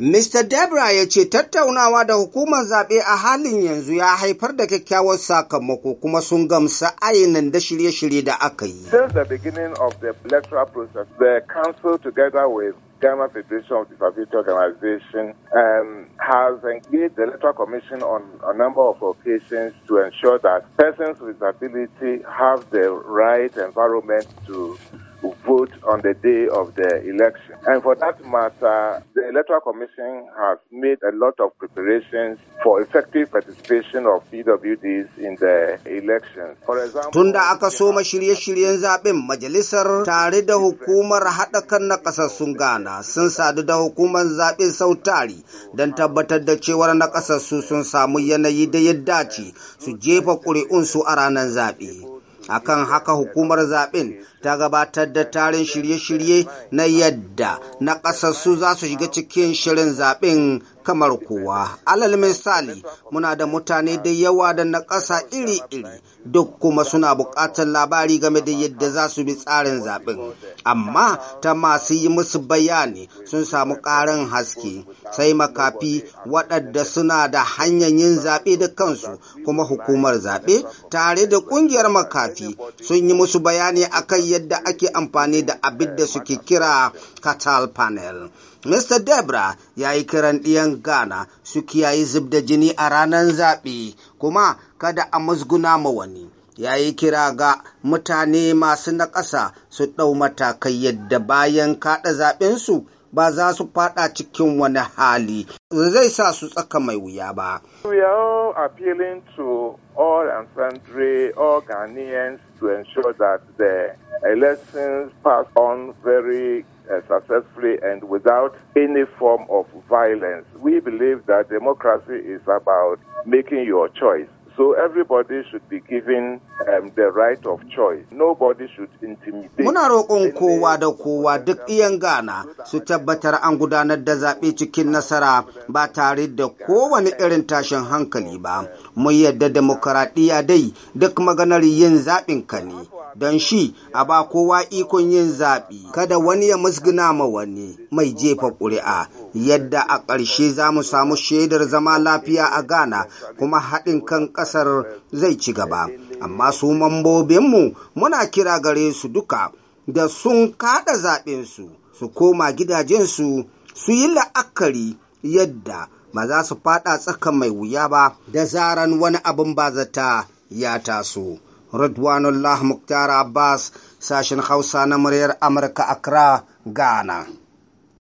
Mr. Debra ya ce tattaunawa da hukumar zaɓe a halin yanzu ya haifar da kyakkyawar sakamako kuma sun gamsa da shirye-shirye da aka yi. Since the beginning of the electoral process, the council together with Ghana Federation of Disability Organization um, has engaged the Electoral Commission on a number of occasions to ensure that persons with disability have the right environment to vote on the day of the election. And for that matter, the Electoral Commission has made a lot of preparations for effective participation of PWDs in the elections. For example, Tunda da aka soma shirye-shiryen zaben majalisar tare da hukumar haɗa kan na ƙasar sun gana sun sadu da hukumar zaɓen tari don tabbatar da cewar na ƙasar su sun samu yanayi da ya dace su jefa ƙuri'unsu a ranar zaɓe. akan haka hukumar zaɓen ta gabatar da tarin shirye-shirye na yadda na ƙasassu za su shiga cikin shirin zaɓen kamar kowa alal misali muna da mutane da yawa da na ƙasa iri-iri duk kuma suna buƙatar labari game da yadda za su bi tsarin zaɓen amma ta masu yi musu bayani sun samu ƙarin haske sai makafi waɗanda suna da hanyar yin zaɓe da kansu kuma hukumar zaɓe tare da ƙungiyar makafi sun yi musu bayani akan yadda ake amfani da abin da suke kira catal panel Mr. Debra ya yi kiran ɗiyan Ghana su kiyaye zub da jini a ranar zaɓe kuma kada a musguna ma wani. ya yi kira ga mutane masu naƙasa su ɗau matakai yadda bayan kaɗa zaɓensu ba za su faɗa cikin wani hali zai sa su tsaka mai wuya ba. We are appealing to all and to ensure that the elections pass on very uh, successfully and without any form of violence. We believe that democracy is about making your choice. So everybody should be given um, the right of choice. Nobody should intimidate. Muna roƙon kowa da kowa duk iyan Ghana su tabbatar an gudanar da zaɓe cikin nasara ba tare da kowane irin tashin hankali ba. Mun yadda demokaradiyya dai duk maganar yin zaɓin ka ne. Don shi a ba kowa ikon yin zaɓi, kada wani ya musguna ma wani mai jefa ƙuri'a. yadda a ƙarshe za mu samu shaidar zama lafiya a Ghana kuma haɗin kan ƙasar zai ci gaba. Amma su mambobinmu muna kira gare su duka da sun kaɗa zaɓensu su koma gidajensu su yi la'akari yadda ba za su faɗa tsakan mai wuya ba da zaran wani abin bazata ya taso. Ridwanullah Muktar Abbas sashen Hausa na muryar Amurka Accra, Ghana.